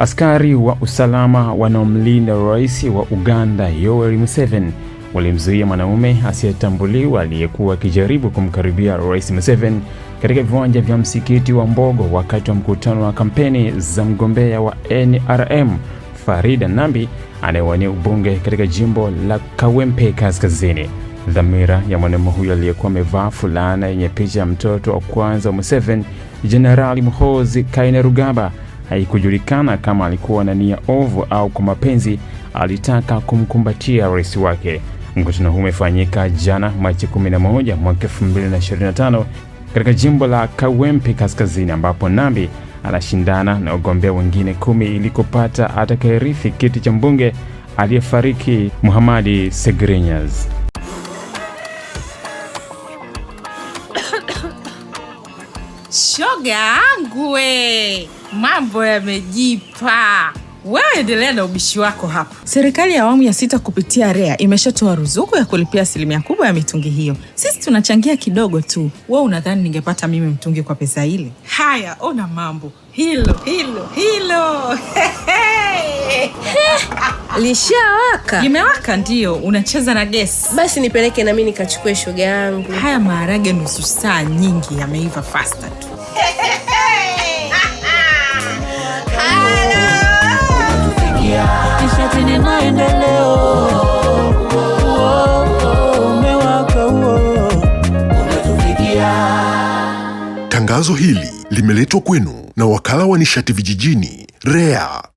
Askari wa usalama wanaomlinda rais wa Uganda Yoweri Museveni walimzuia mwanaume asiyetambuliwa aliyekuwa akijaribu kumkaribia Rais Museveni katika viwanja vya msikiti wa Mbogo wakati wa mkutano wa kampeni za mgombea wa NRM Farida Nambi anayewania ubunge katika jimbo la Kawempe Kaskazini. Dhamira ya mwanaume huyo aliyekuwa amevaa fulana yenye picha ya mtoto wa kwanza wa Museveni, Jenerali Muhoozi Kainerugaba haikujulikana kama alikuwa na nia ovu au kwa mapenzi alitaka kumkumbatia rais wake. Mkutano huu umefanyika jana Machi 11 mwaka 2025 katika jimbo la Kawempe Kaskazini, ambapo Nambi anashindana na wagombea wengine kumi ili kupata atakayerithi kiti cha mbunge aliyefariki Muhamadi Segrenyas. Shoga yangu we, mambo yamejipa. Wewe endelea na ubishi wako hapa. Serikali ya awamu ya sita kupitia REA imeshatoa ruzuku ya kulipia asilimia kubwa ya mitungi hiyo. Sisi tunachangia kidogo tu. Wewe unadhani ningepata mimi mtungi kwa pesa ile? Haya, ona mambo hilo hilo hilo Lishawaka, imewaka ndio. Unacheza na gesi? Basi nipeleke nami nikachukue shoga yangu. Haya maharage nusu saa nyingi yameiva fasta tu. Tangazo hili limeletwa kwenu na wakala wa nishati vijijini REA.